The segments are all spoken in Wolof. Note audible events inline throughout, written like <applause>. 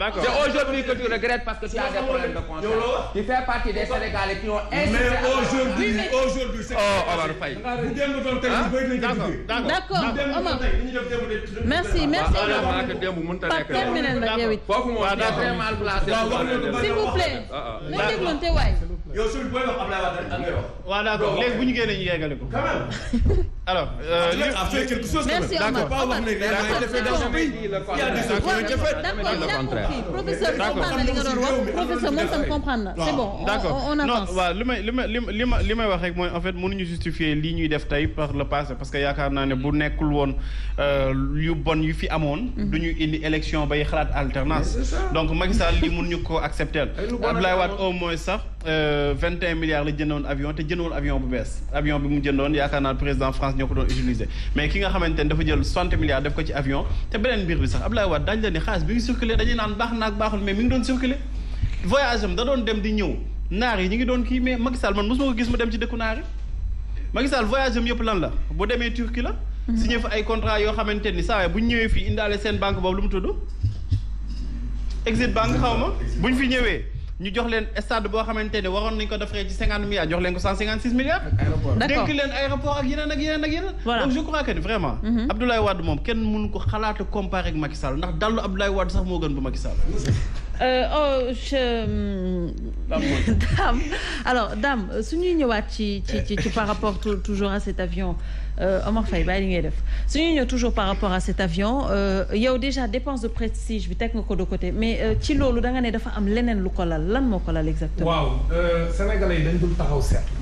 D'accord. C'est aujourd'hui que tu regrettes parce que tu as des problèmes de conscience. Tu fais partie des Sénégalais qui ont insisté. Mais aujourd'hui, aujourd'hui c'est oh Omar Faye. Bu démb doon tey ñu bëri nañ ko D'accord. Omar. Merci, merci. Foofu moom c'est très mal placé. S'il vous plaît. Na dégloonte waay. Yow suul booy wax Abdoulaye Wade ngay wax. Waaw d'accord. Léegi bu ñu génnee ñu yeggale ko. Quand même. <laughs> alors. Euh, ah, lui, ah, na. c'est bon on avance. non waaw li may li ma li may wax rek mooy en fait ñu justifier lii ñuy def tey par le passé parce que yaakaar naa ne bu nekkul woon euh, yu bon yu fi amoon. Mhm. du ñuy indi élection bay xalaat alternance. donc Macky Sall li ñu ko accepter Abdoulaye Wade au moins sax. Euh, vingt et un milliards la jëndoon avion te jëndoon avion bu mees avion bi mu jëndoon yaakaar naa président France ñoo ko doon utiliser mais ki nga xamante ne dafa jël soixante milliards def ko ci avion te beneen mbir bi sax Abdoulaye Wade daañu la ne xaalis bi ngi circulé dañuy naan baax naag baaxul mais mi ngi doon circulé voyage da doon dem di ñëw naar yi ñu ngi doon kii mais Macky Sall man mosuma ko gis mu dem ci dëkku naar yi Macky Sall voyage yëpp lan la bu demee Turquie la mhm. signé fa ay contrat yoo xamante ni saa bu ñëwee fii indaale seen banque boobu lu mu tudd exit banque xaw ma bu ñu fi ñëwee ñu jox leen stade boo xamante ne waroon nañu ko defaree ci cinquante milliards jox leen ko cent cinquante six milliards. dénk leen aéroport ak yeneen ak yeneen ak yeneen. voilà donc je crois vraiment. Mhm. Abdoulaye Wade moom kenn mënu ko xalaat comparé ak Macky Sall ndax dallu Abdoulaye Wade sax moo gën bu Macky Euh, oh mm, <laughs> Dame alors Dame su ñuy ñëwaat ci ci ci par rapport toujours à cet avion euh, Omar Faye bàyyi li ngay def su ñuy ñëw toujours par rapport à cet avion euh, yow déjà dépense de prestige bi teg nga ko de côté mais ci loolu danga ne dafa am leneen lu ko lal lan moo ko lal exactement. waaw sénégalais yi dañ dul taxaw seetlu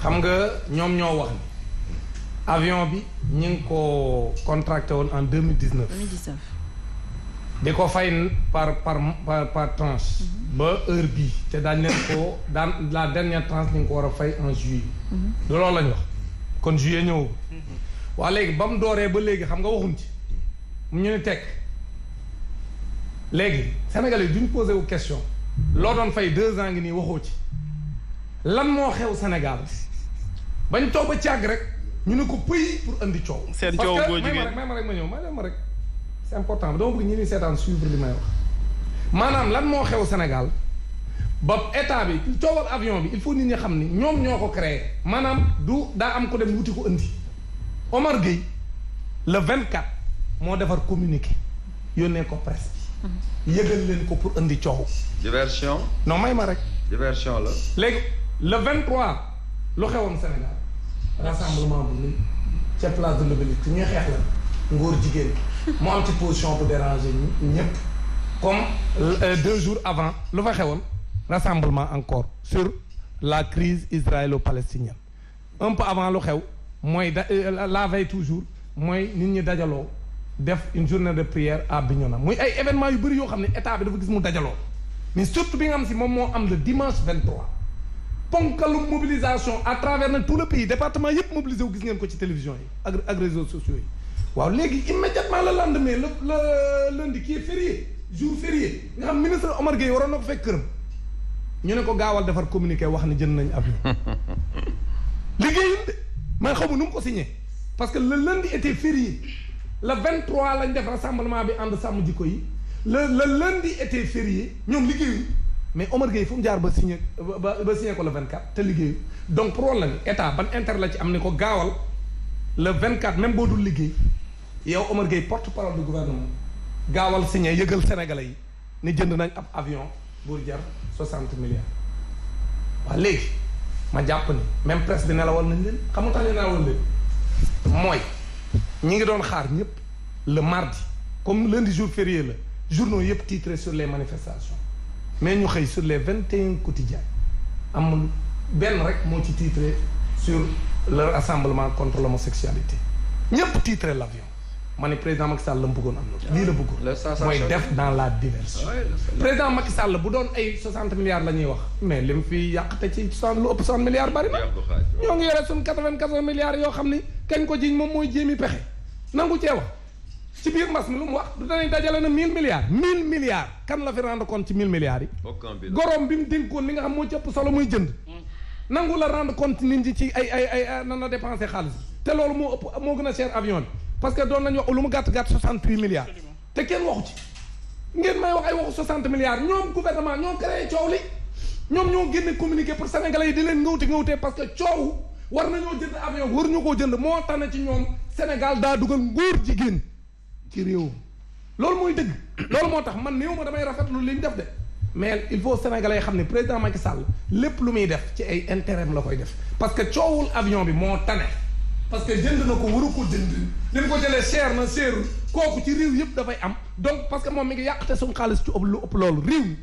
xam nga ñoom ñoo wax ni avion bi ñu ngi ko contracté woon en deux mille dix di ko fay par par par par tranche. Mhm. ba heure bii te daan leen ko daan la dernière tranche ñu ngi ko war a fay en juillet. Mhm. du loolu la wax kon juillet ñëwagul. Mhm. waa léegi ba mu dooree ba léegi xam nga waxuñ ci mu ñu ne tekk léegi Sénégal yi duñ posé wu question loo doon fay deux ans ngi nii waxoo ci lan moo xew Sénégal bañ toog ba càgg rek ñu ne ko pëy pour andi coow. seen coow boo jugee ma rek may ma rek ma ñëw may ma rek. c'est important dama bëgg ñu ni seetaan suivre li may wax maanaam lan moo xew Sénégal ba état bi coowal avion bi il faut nit ñi xam ni ñoom ñoo ko créé maanaam du daa am ko dem wuti ko indi Omar Gueye le 24 moo defar communiqué yónnee ko presse bi mm-hmm. yëgal leen ko pour indi coow. diversion. non may ma rek. diversion la. léegi le 23 lu xewoon Sénégal rassemblement bu ni ca place de l'Obélisque ñuy xeex la ngóor jigéen. mu am ci position bu déranger ñëpp comme euh, deux jours avant lu fa xewoon rassemblement encore sur la crise israélo-palestinienne un peu avant lu xew mooy da euh, la veille toujours mooy nit ñi dajaloo def une journée de prière à Bignona muy ay événements yu bëri yoo xam ne état bi dafa gis mu dajaloo mais surtout bi nga xam si moom moo am le dimanche 23 ponkalu mobilisation à travers nag tout pays département yëpp mobilisé wu gis ngeen ko ci télévision yi ak ak réseaux yi waaw léegi immédiatement le lendemain le le lundi qui est férié jour férié nga xam ministre Omar Gueye waroon na ko fekk këram ñu ne ko gaawal defar communiqué wax ne jënd nañ avion <laughs> liggéeyul de man xaw ma nu mu ko signé parce que le lundi était férié le 23 lañ def rassemblement bi ànd sàmm jikko yi le le lundi était férié ñoom liggéeyul mais Omar Gueye fu mu jaar ba signé ba ba signé ko le te liggéeyul donc problème état ban intérêt la ci am ne ko gaawal le 24 même boo dul liggéey. yow Omar Gueye porte parole du gouvernement gaawal signé yëgal sénégalais yi ni jënd nañ ab avion bu jar soixante milliards waa léegi ma jàpp ni même presse bi nelawal nañ leen xam nga tax ne nelawal leen mooy ñi ngi doon xaar ñëpp le mardi comme lundi jour férié la journaux yëpp tiitre sur les manifestations mais ñu xëy sur les vingt et un quotidiens amul benn rek moo ci titré sur leur rassemblement contre l'homosexualité ñëpp titré l'avion ma ne président Macky Sall la mu bëggoon am na lii la bëggoon mooy def dans la diversion président Macky Sall bu doon ay 60 milliards la ñuy wax mais li mu fi yàq te ci 60 lu ëpp 60 milliards bari na ñoo ngi yore suñ 94 milliards yoo xam ni kañ ko jiñ moom mooy jéemi pexe nangu cee wax biir mbas mi lu mu wax du danañ dajale na 1000 milliards 1000 milliards kan la fi rendre compte ci 1000 milliards yi goroom bi mu dénkoon li nga xam moo ci solo muy jënd mm. nangu la rendre compte nit ñi ci ay ay ay nan la xaalis te loolu moo ëpp moo gën a cher avion bi parce que doon nañu wax lu mu gàtt gàtt soixante huit milliards. te kenn waxu ci. ngeen may wax ay waxu soixante milliards ñoom gouvernement ñoo créé coow li ñoom ñoo génne communiqué pour sénégalais yi di leen ngawte ngawtee parce que coow war nañoo jënd avion war ñu koo jënd moo tax na ci ñoom Sénégal daa dugal ngóor jigéen ci réewam loolu mooy dëgg loolu moo tax man néew ma damay rafetlu li ñu def de mais il faut sénégalais xam ne président Macky Sall lépp lu muy def ci ay intérêt la koy def parce que coowul avion bi moo tane parce que jënd na ko waru ko jënd li mu ko jëlee cher na seerul kooku ci réew yëpp dafay am donc parce que moom mi ngi yàqte suñu xaalis ci ëpp lu ëpp loolu réew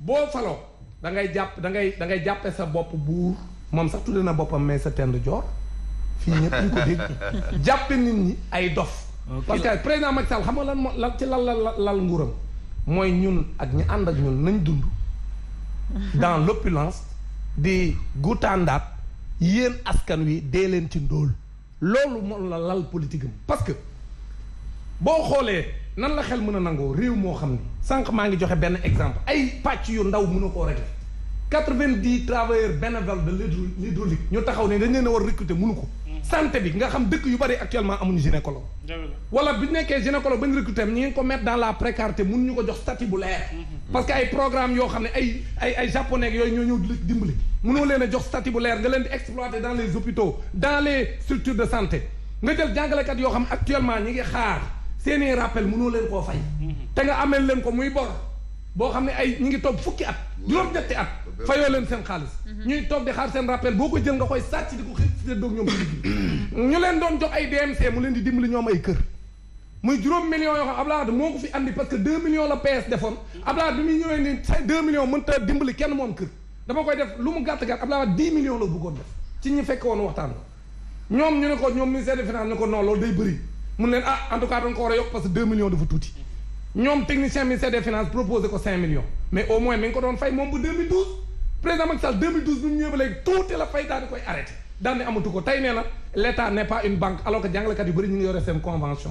boo faloo da ngay jàpp dangay ngay da ngay jàppe sa bopp buur moom sax tudde na boppam mais sa tend joor fii ñëpp ñu ko dégg <laughs> jàppe nit ñi ay dof parce que président Macky Sall xam nga lan lan ci lal la lal nguuram mooy ñun ak ñu ànd ak ñun nañ dund dans l'opulence di guutandaat yéen askan wi dee leen ci ndool loolu moom la lal politique am parce que boo xoolee nan la xel mën a nangoo réew moo xam ni sànq maa ngi joxe benn exemple ay pàcc yu ndaw mën a koo rek quatre-vingt-dix travailleurs bénévoles de l'hydraulique ñu taxaw ne dañ leen a war recruter munu ko santé bi nga xam dëkk yu bari actuellement amuñu gynécologue wala bi nekkee gynécologue ba ñu recruter ko mettre dans la mun ñu ko jox statut bu leer mm-hmm. parce que ay programme yoo xam ne ay ay ay japonais yooyu ñoo ñëw di dimbali mënoo leen a jox statut nga leen di exploiter dans le hôpitaux dans les structures de santé nga jël jàngalekat yoo xam actuellement ñi ngi xaar seeni rappel mënoo leen koo fay mm-hmm. te nga amee leen ko muy bor boo xam ne ay ñi ngi toog fukki at juróom-ñetti at fayoo leen seen xaalis ñuy toog di xaar seen rappel boo ko jël nga koy sàcc di ko xëy doog ñoom ñu leen doon jox ay DMC mu leen di dimbali ñoom ay kër muy juróom millions yoo xam Abdoulaye Wade moo ko fi andi parce que deux millions la PS kenn moom kër dama koy def lu mu gàtt gàtt Abdoulaye Wade dix millions la bëggoon def ci ñi fekk woon waxtaan la ñoom ñu ne ko ñoom ministère des finances ne ko non loolu day bëri mun leen ah en tout ko war a yokk parce deux millions dafa tuuti ñoom technicien ministère des finances proposé ko 5 millions mais au moins mi ngi ko doon fay moom bu 2012 président Macky Sall 2012 bi mu ñëwee ba léegi tuuti la fay daal koy arrêté daal di amatu ko tey nee na l' n' est une banque alors que jàngalekat yu bëri ñu ngi yore seen convention.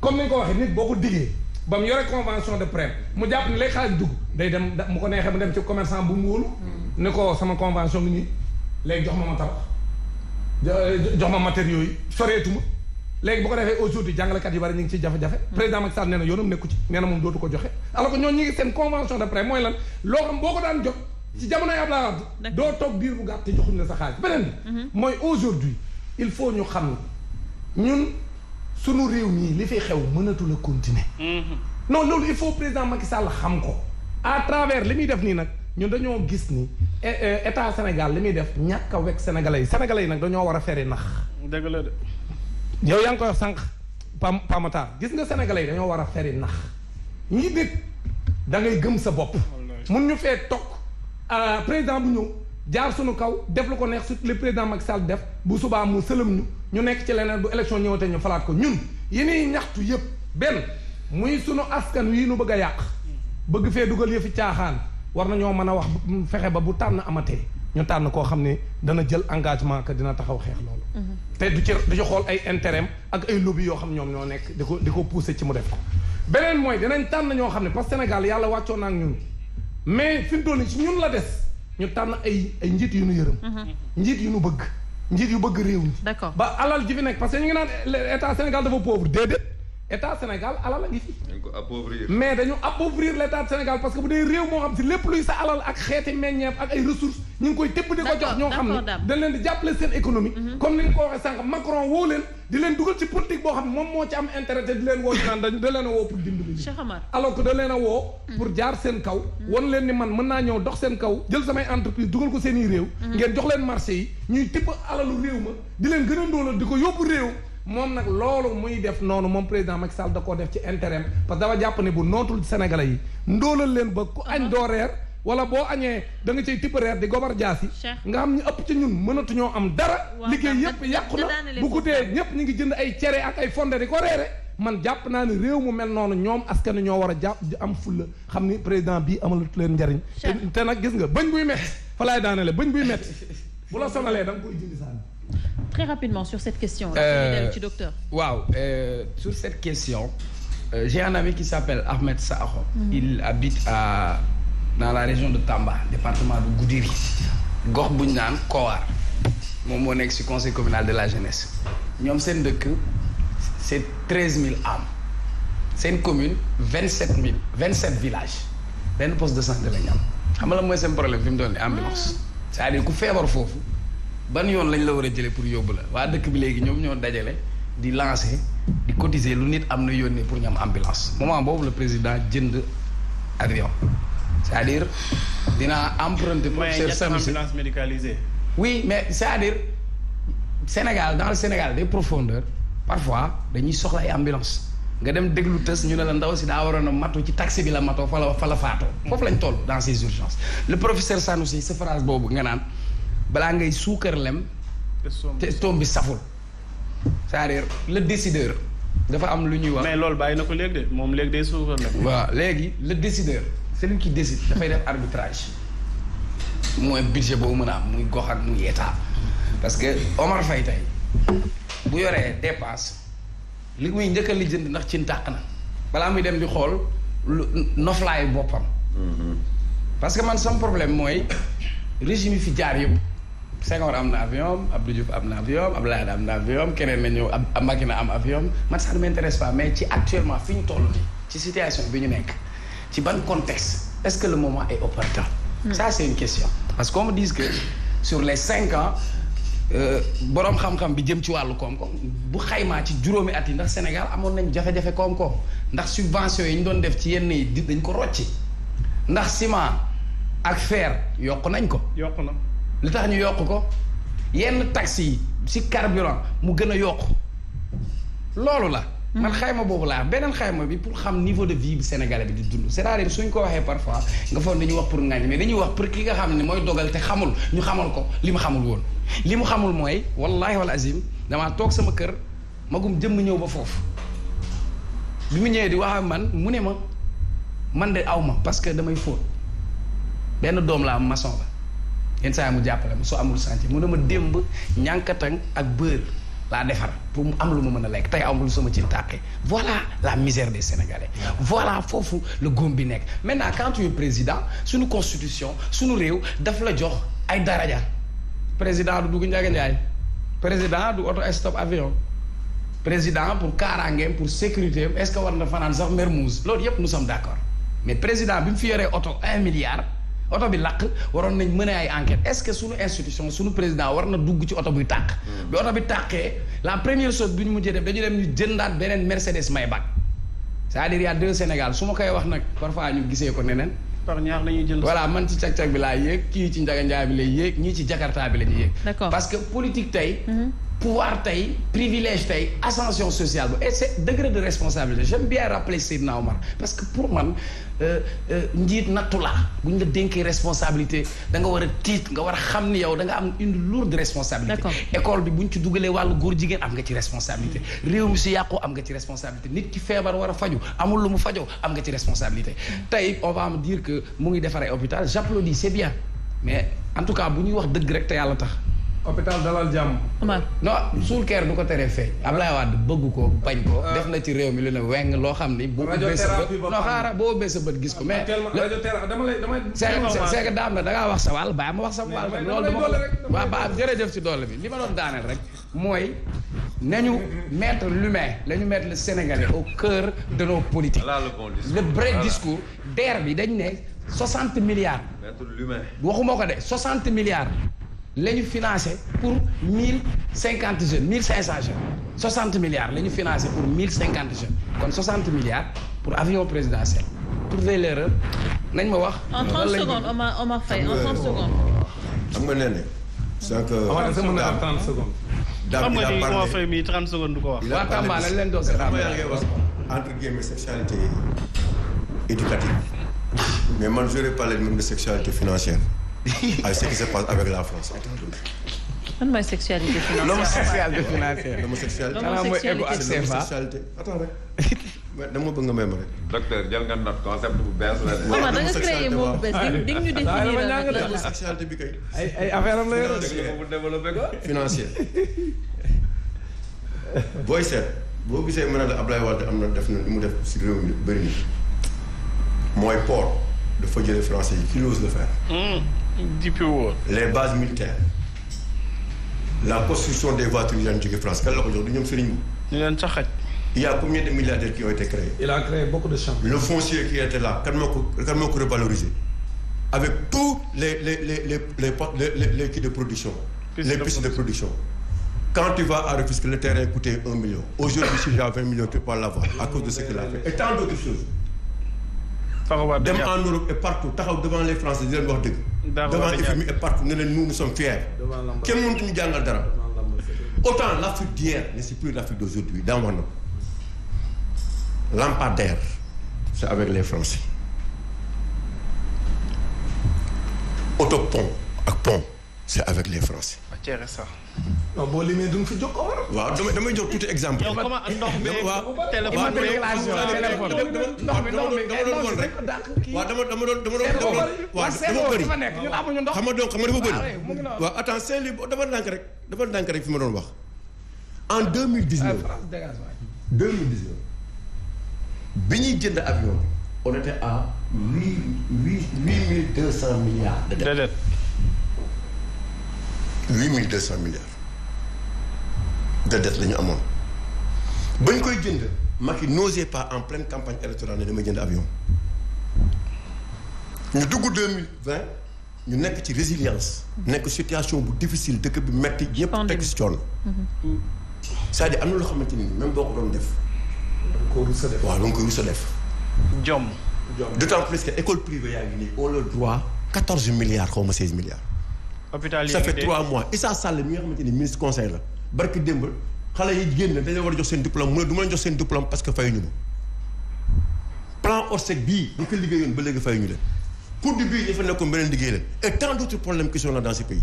comme ni ñu ko waxee nit boo ko diggee ba mu yore convention de prêt mu jàpp ne lay dugg day dem mu ko neexee mu dem ci commerçant bu mu wóolu. Mm. ne ko sama convention bi nii léegi jox ma ma tabax eh, jox ma matériaux yi soreetu ma léegi bu ko defee aujourd'hui jàngalekat yi bari ñu ngi ci jafe-jafe président Macky Sall nee na yoonam nekku ci nee na moom dootu ko joxe alors que ñooñu ñu ngi seen convention de prêt mooy lan loo xam boo ko daan jox ci jamonoy Abdoulaye Wade doo toog diir bu gàtt te joxuñu la sa xaalis beneen bi mhm. mooy aujourd'hui il faut ñu xam ñun sunu réew mii li fi xew mënatu la continuer mhm. non loolu il faut président Macky Sall xam ko à travers li muy def nii nag ñun dañoo gis ni état Sénégal li muy def ñàkk a wekk sénégalais yi sénégalais yi nag dañoo war a feri nax dëgg la de yow yaa koy wax sànq pam pamataar gis nga sénégalais yi dañoo war a feri nax ñi nit da ngay gëm sa bopp mun ñu fee toog euh, président bu ñëw jaar suñu kaw def lu ko neex su li président mag Sall def bu subaa mu sëlëm ñu ñu nekk ci leneen bu élection ñëwatee ñu falaat ko ñun yeneen ñaxtu yëpp benn muy sunu askan wii nu bëgg a yàq bëgg fee dugal yëfi caaxaan war nañoo mën a wax fexe ba bu tànn amatee ñu tànn koo xam ne dana jël engagement que dina taxaw xeex loolu. Mhm. te du ci du ci xool ay intérêt ak ay lobby yoo xam ñoom ñoo nekk di ko di ko poussé ci mu def ko. beneen mooy dinañ tànn ñoo xam ne parce que Sénégal yàlla wàccoon na ak ñun mais fi mu toll ñun la des ñu tànn ay ay njiit yu nu yërëm. Mhm. njiit yu nu bëgg. njiit yu bëgg réew mi. d'accord ba alal ji fi nekk parce ñu ngi naan état Sénégal dafa pauvre déedéet. état Sénégal alal a ngi fi. dañ ko appauvrir mais dañu appauvrir l' état Sénégal parce que bu dee réew moo xam si lépp luy sa alal ak xeeti meññeef ak ay ressources ñu ngi koy tëbb di ko jox ñoo xam ne dañ leen di jàppale seen économie. Mhm. comme ni nga ko waxee sànq Macron woo leen di leen dugal ci politique boo xam ne moom moo ci am intérêt te di leen woo ñu naan dañ da leen a woo pour dimbali. Cheikh Amar alors leen a woo. Mm. pour jaar seen kaw. Mm. wan leen ni man mën naa ñëw dox seen kaw jël samay entreprise dugal ko seen i réew. Mm. ngeen jox leen marché yi ñuy tibb alalu réew ma di leen gën a ndóolal ko yóbbu réew moom nag loolu muy def noonu moom président Macky Sall da koo def ci intérim parce que dafa jàpp ne bu nootul Sénégalais yi ndóolal leen ba ku añ uh-huh. doo reer wala boo añee da nga cay tibb reer di gobar jaas yi nga xam ñu ëpp ci ñun mënatuñoo am dara liggéey yëpp yàqu na bu guddee ñëpp ñu ngi jënd ay cere ak ay fonde di ko reere man jàpp naa ni réew mu mel noonu ñoom askan ñoo war a jàpp am fulla xam ni président bii amalut leen njariñ te nag gis nga bëñ buy metti fa laay daanele bañ buy metti bu la sonalee da nga koy jëndi très rapidement sur cette question. Euh, docteur. Wow, euh, sur cette question, euh, j'ai un ami qui s'appelle Ahmed Sahro. Mhm. Il habite à, dans la région de Tamba, département de Goudiri, Gorbounan, Kowar. Mon mon ex du conseil communal de la jeunesse. Nous sommes c'est 13 000 âmes. C'est une commune, 27 000, 27 villages. Dans le poste de santé, nous avons un problème, ambulance. Ah. C'est-à-dire que vous faites ban yoon lañu la war a jëlee pour yóbbu la waa dëkk bi léegi ñoom ñoo dajale di lancer di cotiser lu nit am na yónnee pour ñu am ambulance moment boobu le président jënd avion c'est-à-dire dinaa emprunter. professeur Sam si mais c'est-à-dire Sénégal dans le Sénégal des profondeurs parfois dañuy soxla ay ambulance nga dem déglu tës ñu ne la ndaw si daa waroon a matu ci taxi bi la matoo fa la fa la faatoo. foofu lañ toll dans ces urgences le professeur Sanoussi sa phrase boobu nga naan. balaa ngay suukar lem te soom bi saful c'est-à-dire le décideur dafa am lu ñuy wax mais loolu bàyyi na ko léegi de moom léegi day suukar lem waa léegi le décideur celui qui décide dafay def arbitrage mooy budget boobu mën a am muy gox ak muy état parce que Omar Faye tey bu yoree dépasse li muy njëkk li jënd ndax ci ntàq na balaa muy dem di xool lu noflaayu boppam mm-hmm. parce que man sama problème mooy régime yi fi jaar yëpp Senghor am na avion Abdou Diouf am na avion Abdoulaye am na avion keneen na ñëw am Macky na am avion man sax ne m'intéresse pas mais ci actuellement fi ñu toll nii ci situation bi ñu nekk ci ban contexte est-ce que le moment est opportun. Hmm. ça c'est question parce que me dise que sur les cinq ans. Euh, boroom xam-xam bi jëm ci wàllu koom-koom bu xaymaa ci juróomi at yi ndax Sénégal amoon nañ jafe-jafe koom-koom ndax subvention yi ñu doon def ci yenn yi dañ ko rocci ndax ciment ak fer yokk nañ ko. yokk na. li tax ñu yokk ko yenn taxes yi si carburant mu gën a yokk loolu la. Hmm. man xayma boobu laa beneen xayma bi pour xam niveau de vie bi sénégalais bi di dund cest à suñ ko waxee parfois nga foog dañuy wax pour ngañ mais dañuy wax pour ki nga xam ne mooy dogal te xamul ñu xamal ko li mu xamul woon. li mu xamul mooy wallaahi wal azim damaa toog sama kër magum jëmm ñëw ba foofu bi mu ñëwee di wax man mu ne ma man de aw ma parce que damay fóot benn doom la am maçon la. yenn saa yi mu jàppale mu soo amul chantier mu ne ma démb ñànkatang ak beurre laa defar pour mu am lu ma mën a lekk tey amul sama cin tàqe voilà la misère des sénégalais voilà foofu la góom bi nekk maintenant quand tu es président suñu constitution suñu réew daf la jox ay daraja président du dugg Ndiaga Ndiaye président du auto stop avion président pour kaaraangeem pour sécurité est ce que war na fanaan sax Mermoz loolu yépp nous sommes d' accord mais président bi mu fi yoree oto un oto bi lakk waroon nañ mën ay enquête est-ce que suñu institution suñu président war na dugg ci oto buy tàkk hmm. bi oto bi tàkkee la première chose bi ñu mujjee def dañu dem ñu jëndaat beneen Mercedes Maybach c'est-à-dire y a deux Sénégal su ma koy wax nag parfois ñu gisee ko neneen par ñaar la ñuy jël voilà man ci cag-cag bi laa yéeg kii ci njaganjaay bi lay yéeg ñii ci jakarta bi la ñuy yéeg parce que politique tey hmm. pouvoir tey privilège tey ascension sociale ba et c'est degré de responsabilité j'aime bien rappeler Seydina man parce que pour man euh, euh, njiit nattu la bu ñu la dénkee responsabilité da nga war a tiit nga war a xam ni yow da nga am une lourde responsabilité école bi bu ñu ci dugalee wàllu góor jigéen am nga ci responsabilité réew mi si yàqu am nga ci responsabilité nit ki feebar war a faju amul lu mu fajoo am nga ci responsabilité tey on va me dire que mu ngi defaree hôpital j'applaudis c'est mais en tout cas bu ñuy wax dëgg rek te yàlla tax hôpital dalal jàmm. non suul keer du ko teree feeñ. Ablaye Wade bëgg ko bañ ko. Ah. def na ci réew mi lu ne weng loo xam ni. boo ubbee sa bët non xaaral boo ubbee sa bët gis ko. mais dama lay daam na da wax sa wàll baa ma wax sa wàll. mais loolu dama ko waaw ba jërëjëf ci doole bi li ma doon daaneel rek mooy. nañu mettre l'humain nañu mettre le Sénégalais au cœur de nos politiques. Voilà le bon discours. le DER bi dañ ne 60 milliards. mettre l'humain waxuma ko de 60 milliards. la ñu financé pour mille cinquante jeunes mille cinq cent jeunes milliards la ñu financé pour mille cinquante jeunes kon soixante milliards pour avion présidentiel trouver l'erreur nañ ma wax. en trente secondes Omar Omar Faye en trente secondes. xam nga nee a sànq. Omar sama naa trente a daal bi daa parlé du ko wax. waa Tamba lañ leen doon wax entre guillemets sexualité éducative mais man j'aurais parlé financière. ah ce qui se passe avec la France lan mooy sexualité financière l'homosexualité financière l'homosexualité ma rek. docteur bu bees la de. maman da sexualité bi ay ay affaire am la yor bu développé financier booy seet boo gisee mën a la Ablaye Wade am na def na mu def si réew mi bëri na mooy port. dafa jële français yi qui l'ose le faire. Hmm, les bases militaires. la construction des voitures yi daan jóge France kan la ko jox du ñoom Serigne Mbu. ñu leen il y a combien de milliardaires qui ont été créés. il a créé beaucoup de champs. le foncier qui était là kan moo ko kan avec tous les les les les les les les kits de production. les pistes de production. quand tu vas à le terrain coûtait un million. aujourd'hui si vingt millions tu peux pas à cause favorable dem en Europe et partout taxaw devant les Français di leen wax dëgg. devant FMI et partout ne leen nous nous sommes fiers. kenn mënut ñu jàngal dara. autant l'Afrique d'hier ne c'est plus l'Afrique d'aujourd'hui daa wax na ko. avec les Français. autopont ak pont. c' est avec les Français. non boo limee du nga fi jokkoo. waaw damay damay jox tuuti exemple. yow comment ndox mi téléphone téléphone dama doon woon rek. waaw dama dama doon dama doon waaw dafa bëri. xam nga donc xam nga dafa bëri. waaw attends Saint-Louis dafa ndànk rek dafa ndànk rek fi ma doon wax. en deux mille dix neuf. deux mille dix neuf. bi ñuy jënd avion. on était à huit huit huit mille deux cent milliards de dettes. huit mille deux cent milliards de dette la ñu amoon bañ koy jënd Macky n'osait pas en pleine campagne électorale ne damay jënd avion ñu dugg deux mille vingt ñu nekk ci résilience nekk situation bu difficile dëkk bi metti yëpp teg si coono cest à am na loo xamante ni même boo ko doon def waaw da nga koy rus a def jom d'autant plus que école privée yaa ngi nii au le droit quatorze milliards xaw ma seize milliards hôpital ça trois mois Issa Sall mi nga xamante ni ministre conseil la barki démb xale yi génn dañu war a jox seen diplôme mu ne du ma jox seen diplôme parce que fayuñu ma plan Orsec bii ñu ko liggéeyoon ba léegi fayuñu leen pour du bii ñu fa nekkoon beneen liggéey leen et tant d' autres problèmes qui pays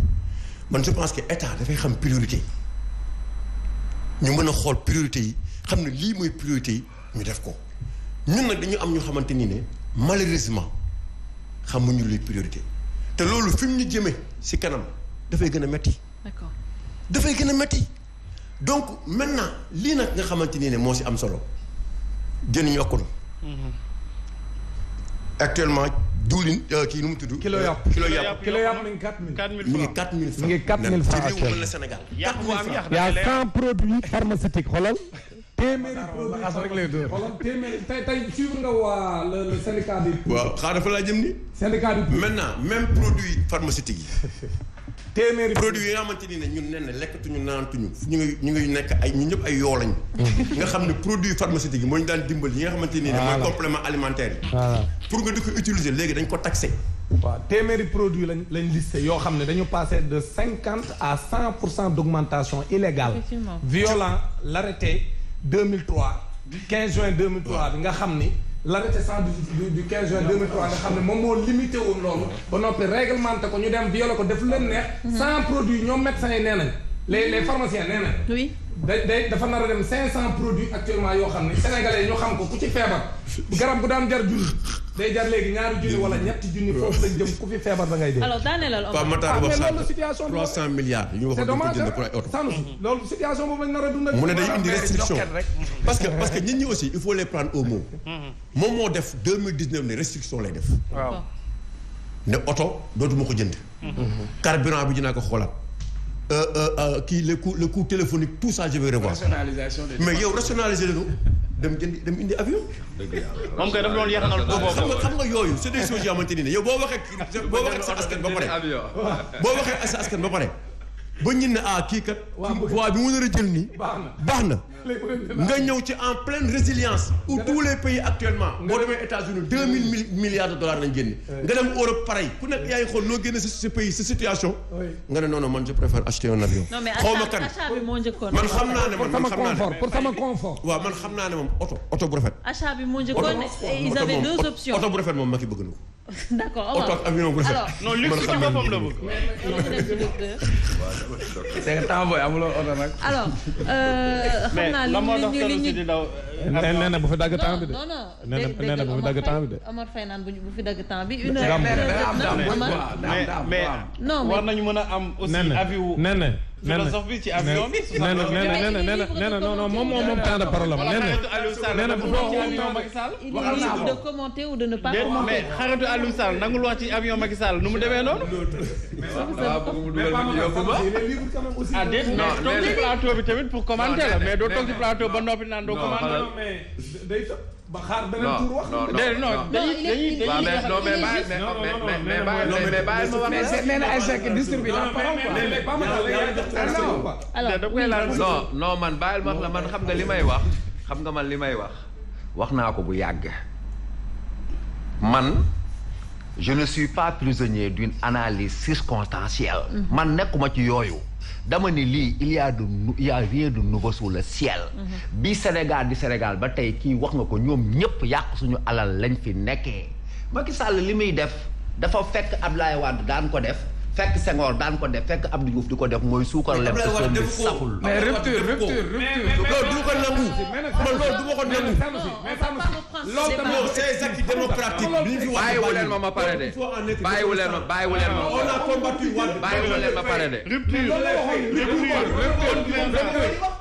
man je pense que état dafay xam priorité ñu mën a xool priorité yi xam ne lii mooy priorité yi ñu def ko ñun nag dañu am ñu xamante ni ne malheureusement xamuñu luy priorité te loolu fi mu ñu jëmee si kanam dafay gën a metti d'accord dafay gën a metti donc maintenant lii nag nga xamante nii ne moo si am solo jën yokku na mm-hmm. actuellement diwlin euh, kii nu mu tudd. kilo yàpp kilo yàpp kilo yàpp mi ngi 4000. mi ngi 4000 francs mi ngi 4000 francs. actuellement ci réew mën na Sénégal. yàpp bu am yàq la 100 produits pharmaceutiques xoolal. téeméeri produit waaw xaaral fa laa jëm ni. syndicat du maintenant même produit pharmaceutique yi. <laughs> téeméeri produit yi nga xamante ni ne ñu nee na lekkatuñu naantuñu ñu ngi ñu ngi nekk ay ñu ñëpp ay yoo lañ. <laughs> nga xam ne produit pharmaceutique yi moo ñu daan dimbal yi nga xamante ni ne. mooy complément alimentaire yi. pour nga di ko utiliser léegi dañ ko taxé. waaw téeméeri produit lañ lañ listé yoo xam ne dañu passé de cinquante à cent pour cent d' augmentation illégale. effectivement violant l' deux 2003 15 juin 2003 bi nga xam ni l'arrêté 118 du 15 juin 2003 nga xam ne moom moo limité woon loolu ba noppi réglementé ko ñu dem violé ko def leen ne mhm. sans produit ñoom médecins yi nee nañ les les pharmaciens nee nañ day day dafa nar a dem 500 produits actuellement yoo xam ne sénégalais ñoo xam ko ku ci feebar garab gu daan jar junni day jar léegi ñaari junni wala ñetti junni foofu lañ jëm ku fi feebar da ngay dee. alors daanelal Omar Matar wax sànq 300 milliards yu ñu waxoon dañ ko jënd pour ay oto. loolu situation boobu lañ nar a dundal. mu ne day indi restriction parce que parce que aussi il faut les prendre au moom moo def 2019 ne restriction lay def. waaw ne ko jënd. Mhm. carburant bi dinaa ko xoolaat. Euh, euh, euh, kii le coût le coût téléphonique tout ça je vais revoir. rationalisation des mais yow rationaliser la dem jëndi dem indi avion. dëgg yàlla moom kay daf doon yàqal boobu xam nga xam nga yooyu c'est des choses yoo xamante ni ne yow boo waxee. boo waxee sa askan ba pare boo waxee sa askan ba pare. ba ñin ne ah kii kat. waa bi mu nar a nii. baax <laughs> na nga ñëw ci en pleine résilience. où tous les pays actuellement. boo demee États-Unis deux mille milliards de dollars lañ génne. nga dem Europe pareil ku nekk yaay xool noo génne sa pays sa situation. nga ne non man je préfère acheter un avion. xaw ma kan man xam naa ne man man xam naa ne man moom oto oto bu rafet. achat bi moo oto bu rafet moom ma ki bëgg na ko. <laughs> d' accord alors oto <laughs> <laughs> a bu rafet. na bu fi dagg temps bi de. non non dagg temps bi de. Omar Faye naan bu fi dagg temps bi une heure. am. aussi philosophe bi ci avion na nee na nee na nee na non non moom moom temps de parole am nee na. nee na bu doon temps Macky Sall. mais xaritu Aliou nangul wax ci avion Macky nu mu demee noonu. ah déet mais toog ci plateau bi tamit pour commenter la mais doo toog ci plateau ba noppi naan doo commenter. ba xaar beneen tur wax. non non non dañuy dañuy mais non mais mais bàyyi ma wax. nee na Isaac distribué la parole quoi. non non man bàyyil ma wax la man xam nga li may wax xam nga man li may wax wax naa ko bu yàgg man je ne suis pas prisonnier d'une analyse circonstancielle. Mm-hmm. man nekkuma ci yooyu. dama ni lii il y a de il y a ciel. Mhm. bi Sénégal di Sénégal ba tey ki wax nga ko ñoom ñëpp yàq suñu alal lañ fi nekkee Macky sàll li muy def dafa fekk Abdoulaye Wade daan ko def. fekk Senghor daan ko de fekk Abdou Diouf di ko def mooy suukar lem te soom bi saxul. mais rupture du ma ko nangu. ko nangu. loolu tamit bi ñu fi ma ma pare de bàyyiwu leen ma bàyyiwu leen ma. on pare de. rupture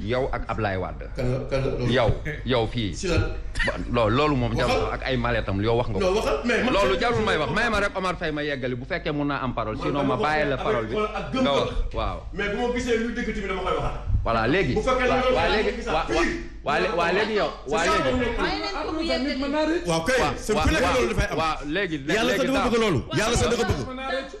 yow ak Ablaye Wade. yow yow fii. loolu moom jarul ak ay maletam yow wax nga ko. may wax may ma rek Omar Faye ma yeggali bu fekkee mun naa am parole sinon ma bàyyi la parole bi nga wax waaw. mais bu ma gisee lu dëgg tamit dama koy waxaat. voilà léegi. bu fekkee léegi wa yow. waa léegi. waaw kay. waaw waaw bëgg loolu. yàlla sax dafa bëgg.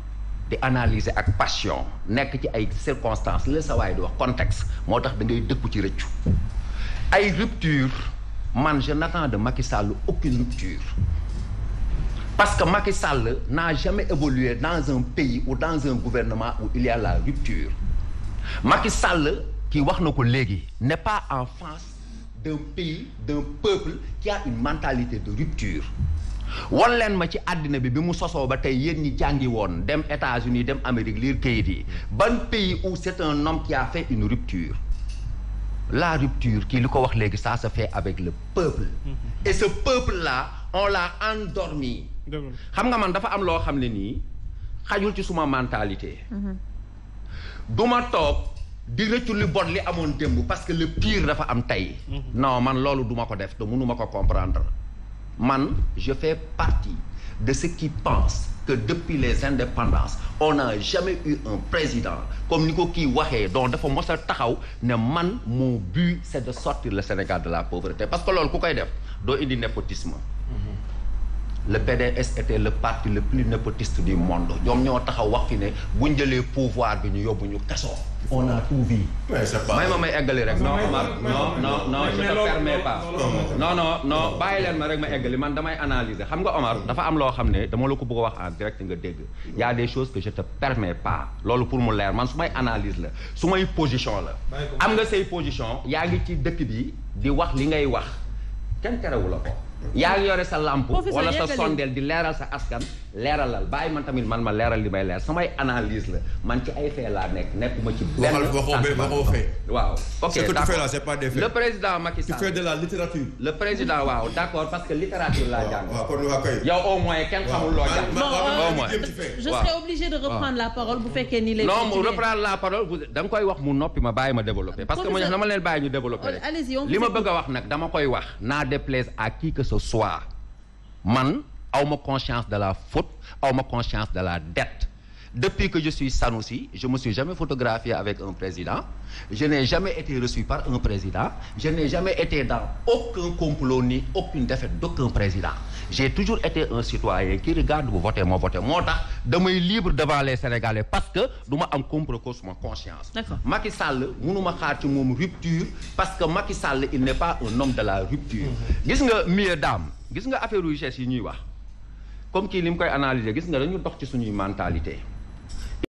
di analyser ak passion nekk ci ay circonstances la sa waay di wax contexte moo tax dangay ngay dëkku ci rëccu ay rupture man je n'attends de Macky Sall aucune rupture parce que Macky Sall n'a jamais évolué dans un pays ou dans un gouvernement où il y a rupture Macky Sall ki wax na ko léegi n'est pas en France de pays d'un peuple qui a une mentalité de rupture wan leen ma ci àddina bi bi mu sosoo ba tey yéen ñi jàngi woon dem États-Unis dem Amérique liir kayit yi ban pays au c'est un homme qui a fait une rupture la rupture kii li ko wax léegi ça se fait avec le peuple mm-hmm. et ce peuple là on l'a endormi xam nga man dafa am loo xam ne nii xajul ci suma mentalité mm-hmm. du ma toog di rëccu li bon li amoon démb parce que le pire dafa am tey. Mhm. non man loolu duma ko def te mënuma ko comprendre man je fais partie de ceux qui pensent que depuis les indépendances on n'a jamais eu un président comme ni ko kii waxee donc dafa mos taxaw ne man mon but c'est de sortir le Sénégal de la pauvreté parce que loolu ku koy def doo indi népotisme mhm. le PDS était le parti le plus népotiste du monde ñoom ñoo taxaw wax fi ne bu ñu jëlee pouvoir bi ñu yóbbu ñu kaso on a may ma may eggali rek. no non non non je te permets bàyyi leen ma rek ma eggali man damay analyser xam nga Omar dafa am loo xam ne dama la ko bëgg wax en direct nga dégg. y a des choses que je te permets pas loolu pour mu leer man su may analyse la su may position la. am nga say position yaa ngi ci dëkk bi di wax li ngay wax kenn terewu la ko. yaa ngi yore sa lampe wala sa sondeel di leeral sa askan. leeralal bàyyi man tamit man ma leeral li may leer samay analyse la man ci ay fee laa nekk ma ci. waxal waxoo waxoo fee. président Macky Sall tu fais de la littérature. le président waaw d'accord parce que littérature laa jàng. waaw au moins kenn xamul loo jàng. au moins parole bu ni lay. non koy wax mu noppi ma bàyyi ma développé parce que ma dama leen bàyyi ñu développer li ma bëgg a wax nag dama koy wax. naa déplaise à qui que ce soit man. aw ma conscience de la faute aw ma conscience de la dette depuis que je suis Sanoussi je me suis jamais photographié avec un président je n'ai jamais été reçu par un président je n'ai jamais été dans aucun complot ni aucune défaite d'aucun président j'ai toujours été un citoyen qui regarde bu voté moo voté moo tax damay libre devant les Sénégalais parce que du ma am compromis suma conscience Macky Sall mënuma xaar ci moom rupture parce que Macky Sall il n'est pas un homme mm-hmm. gis nga mieux gis nga affaire yu yi ñuy wax comme kii li mu koy analyser gis nga dañu dox ci suñuy mentalité